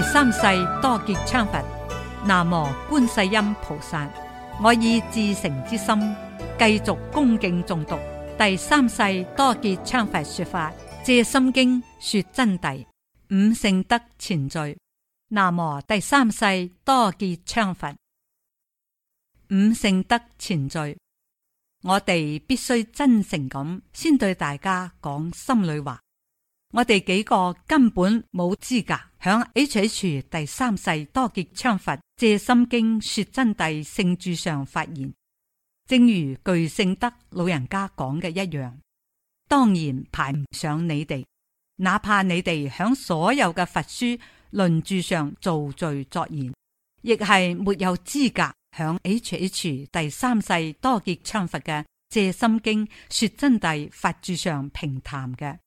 第三世多杰羌佛，南無觀世音菩薩。我以至誠之心繼續恭敬誦讀第三世多杰羌佛說法《藉心經》說真諦五聖德前序。南無第三世多杰羌佛五聖德前序。我哋必須真誠咁先對大家講心裏話，我哋幾個根本冇資格。響 H H 第三世多杰羌佛《借心經說真諦聖著上發言，正如巨聖德老人家講嘅一樣，當然排唔上你哋。哪怕你哋響所有嘅佛書論著上造罪作言，亦係沒有資格響 H H 第三世多杰羌佛嘅《借心經說真諦佛注》上評談嘅。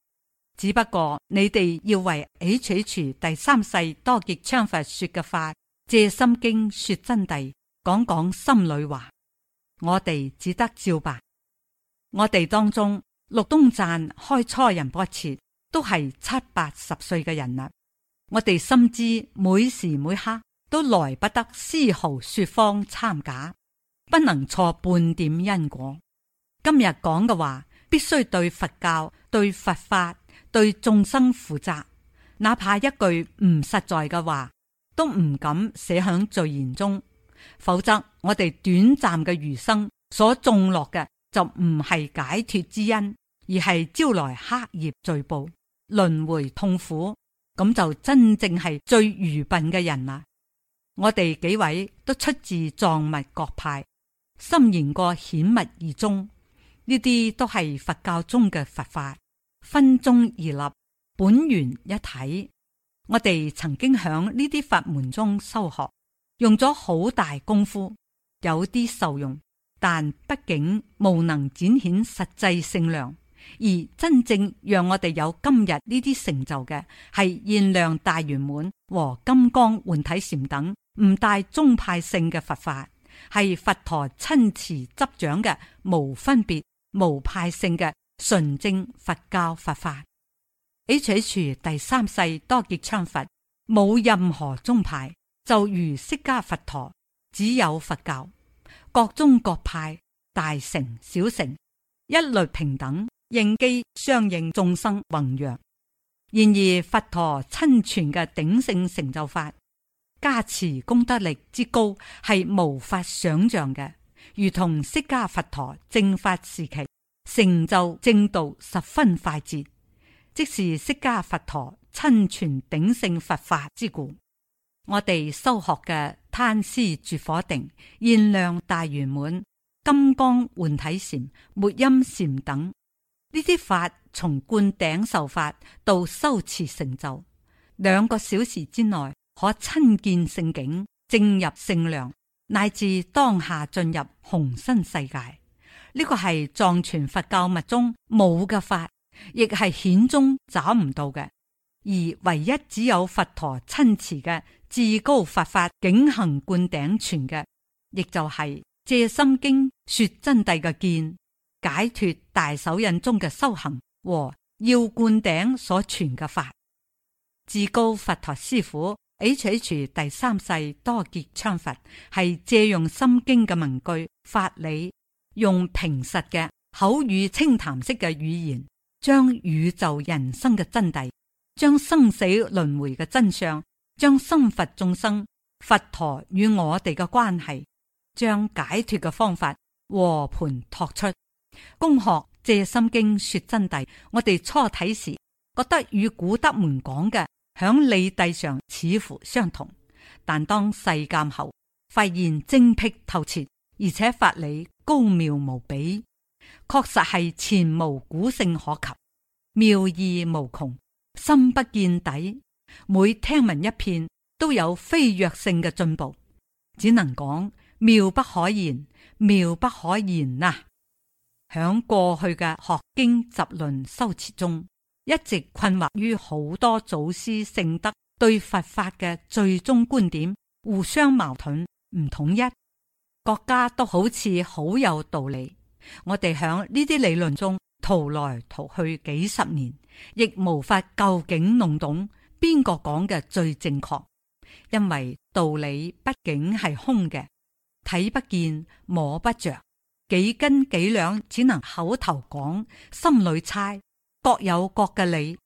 只不過你哋要為 H.H. 第三世多杰羌佛說嘅法，借心經說真諦，講講心裏話，我哋只得照辦。我哋當中，祿東贊開初仁波切，都係七八十歲嘅人啦。我哋深知每時每刻都來不得絲毫說謊摻假，不能錯半點因果。今日講嘅話，必須對佛教、對佛法。對眾生負責，哪怕一句唔實在嘅話，都唔敢寫響序言中。否則，我哋短暫嘅餘生所種落嘅就唔係解脱之因，而係招來黑業罪報、輪回痛苦。咁就真正係最愚笨嘅人啦。我哋幾位都出自藏密各派，深研過顯密二宗，呢啲都係佛教中嘅佛法。分宗而立，本源一體。我哋曾經響呢啲法門中修學，用咗好大功夫，有啲受用，但畢竟無能展現實際聖量。而真正讓我哋有今日呢啲成就嘅，係現量大圓滿和金剛換體禪等唔帶宗派性嘅佛法，係佛陀親慈執掌嘅，無分別、無派性嘅。純正佛教佛法，H.H. 第三世多杰羌佛，冇任何宗派，就如釋迦佛陀，只有佛教，各宗各派，大乘小乘，一律平等，應機相應眾生弘揚。然而，佛陀親傳嘅頂聖成就法，加持功德力之高，係無法想象嘅，如同釋迦佛陀正法時期。成就正道十分快捷，即是釋迦佛陀親傳頂聖佛法之故。我哋修學嘅貪思絕火定、現量大圓滿、金剛換體禪、沒音禪等呢啲法，從灌頂受法到修持成就，兩個小時之內可親見聖境、證入聖量，乃至當下進入虹身世界。呢個係藏傳佛教密宗冇嘅法，亦係顯宗找唔到嘅。而唯一只有佛陀親持嘅至高佛法境行灌頂傳嘅，亦就係《藉心經說真諦》嘅見解脫大手印中嘅修行和要灌頂所傳嘅法。至高佛陀師傅 H H 第三世多杰羌佛係借用《心經》嘅文句法理。用平實嘅口語、清談式嘅語言，將宇宙人生嘅真諦，將生死輪迴嘅真相，將心佛眾生、佛陀與我哋嘅關係，將解脱嘅方法和盤托出。恭學藉心經說真諦，我哋初睇時覺得與古德們講嘅響理諦上似乎相同，但當細鑒後，發現精辟透徹，而且法理。高妙無比，確實係前無古聖可及，妙意無窮，深不見底。每聽聞一遍，都有飛躍性嘅進步，只能講妙不可言，妙不可言啊！響過去嘅學經集論修持中，一直困惑於好多祖師聖德對佛法嘅最終觀點互相矛盾，唔統一。國家都好似好有道理，我哋響呢啲理論中，逃來逃去幾十年，亦無法究竟弄懂邊個講嘅最正確。因為道理畢竟係空嘅，睇不見，摸不着，幾斤幾兩，只能口頭講，心裏猜，各有各嘅理。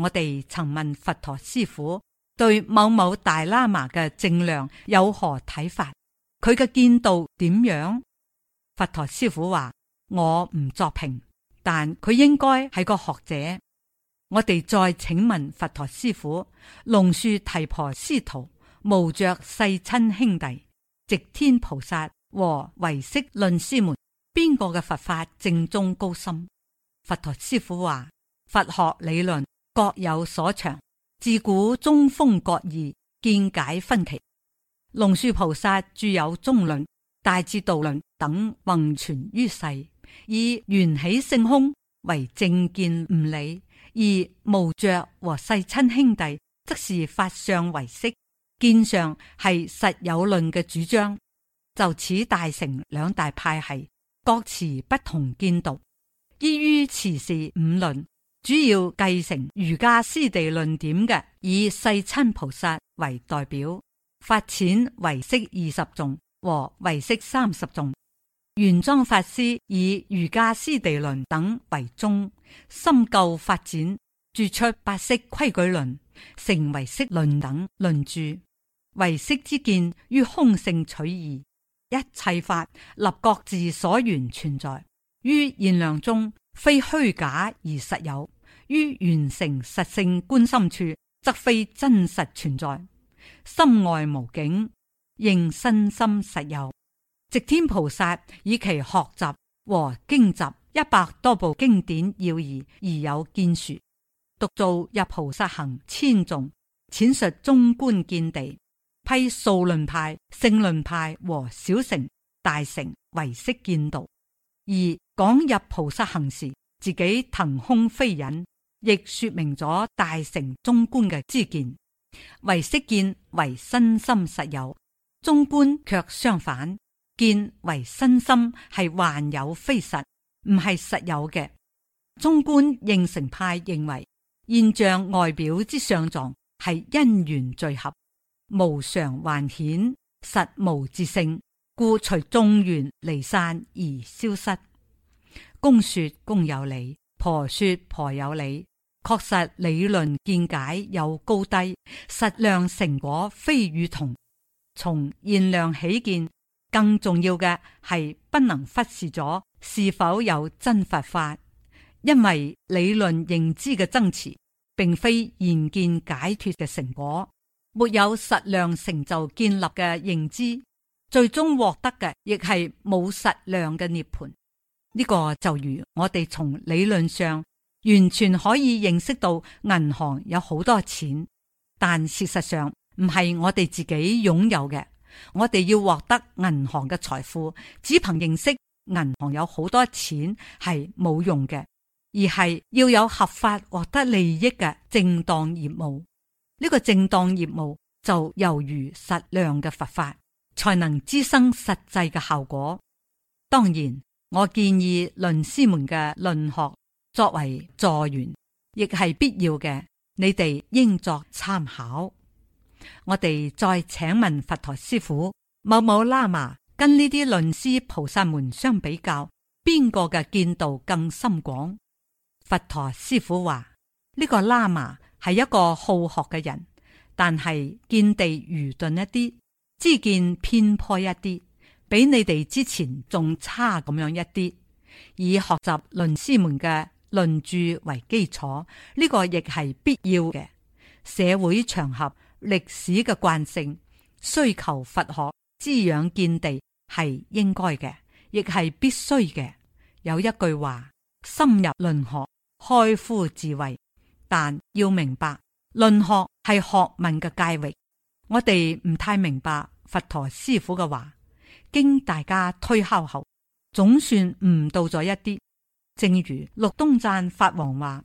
我哋曾問佛陀師傅，對某某大喇嘛嘅正量有何睇法？佢嘅見道點樣？佛陀師父話：我唔作評，但佢應該係個學者。我哋再請問佛陀師父、龍樹提婆師徒、無著世親兄弟、直天菩薩和唯識論師們，邊個嘅佛法正宗高深？佛陀師父話：佛學理論各有所長，自古宗風各異，見解分歧。龍樹菩薩著有中論、大智度論等橫存於世，以緣起性空為正見悟理；而無着和世親兄弟則是法相為識見相，係實有論嘅主張。就此大成兩大派系，各持不同見讀，依於慈氏五論，主要繼承瑜伽師地論點嘅，以世親菩薩為代表。法淺唯識二十種和唯識三十種，玄奘法師以瑜伽師地論等為宗，深究發展，著出八識規矩論、成唯識論等論著。唯識之見於空性取義，一切法立各自所緣存在於現量中，非虛假而實有；於圓成實性觀心處，則非真實存在。心外無境，應身心實有。寂天菩薩以其學習和經集一百多部經典要義而有建樹，獨造入菩薩行千頌，淺述中觀見地，批數論派、勝論派和小乘大乘唯識見道。而講入菩薩行時，自己騰空飛隱，亦說明咗大乘中觀嘅知見。唯識見為身心實有，中觀卻相反，見為身心係幻有非實，唔係實有嘅。中觀應成派認為現象外表之相狀係因緣聚合，無常幻顯，實無自性，故隨眾緣離散而消失。公說公有理，婆說婆有理。確實理論見解有高低，實量成果非與同。從現量起見，更重要嘅係不能忽視咗是否有真佛法，法，因為理論認知嘅增持，並非現見解脱嘅成果。沒有實量成就建立嘅認知，最終獲得嘅亦係冇實量嘅涅槃。呢、這個就如我哋從理論上。完全可以認識到銀行有好多錢，但事實上唔係我哋自己擁有嘅。我哋要獲得銀行嘅財富，只憑認識銀行有好多錢係冇用嘅，而係要有合法獲得利益嘅正當業務。呢個正當業務就猶如實量嘅佛法，才能滋生實際嘅效果。當然，我建議論師們嘅論學。作為助緣，亦係必要嘅。你哋應作參考。我哋再請問佛陀師傅：「某某喇嘛跟呢啲論師菩薩們相比較，邊個嘅見道更深廣？」佛陀師傅話：呢個喇嘛係一個好學嘅人，但係見地愚鈍一啲，知見偏頗一啲，比你哋之前仲差咁樣一啲。以學習論師們嘅論著為基礎，呢個亦係必要嘅。社會場合、歷史嘅慣性、需求佛學滋養見地係應該嘅，亦係必須嘅。有一句話：深入論學，開敷智慧。但要明白，論學係學問嘅界域，我哋唔太明白佛陀師傅嘅話，經大家推敲後，總算悟到咗一啲。正如陸東贊法王話：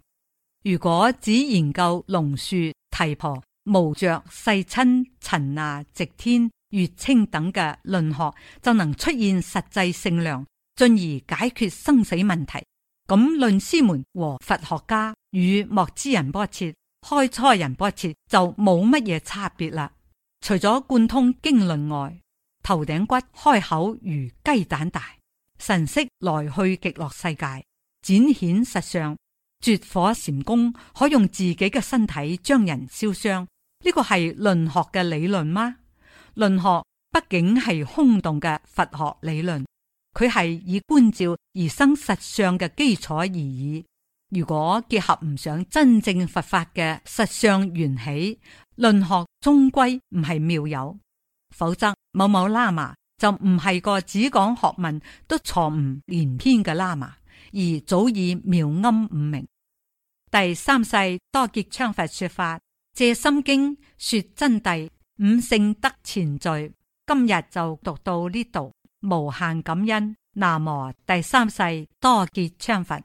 如果只研究龍樹、提婆、無著、世親、陳那、直天、月清等嘅論學，就能出現實際聖量，進而解決生死問題。咁論師們和佛學家與莫知仁波切、開初仁波切就冇乜嘢差別啦。除咗貫通經論外，頭頂骨開口如雞蛋大，神識來去極樂世界。展顯實相，絕火禪功可用自己嘅身體將人燒傷，呢個係論學嘅理論嗎？論學畢竟係空洞嘅佛學理論，佢係以觀照而生實相嘅基礎而已。如果結合唔上真正佛法嘅實相緣起，論學終歸唔係妙有。否則，某某喇嘛就唔係個只講學問都錯誤連篇嘅喇嘛。而早已妙諳五明，第三世多杰羌佛說法，借心經說真諦五聖德前序。今日就讀到呢度，無限感恩。南無第三世多杰羌佛。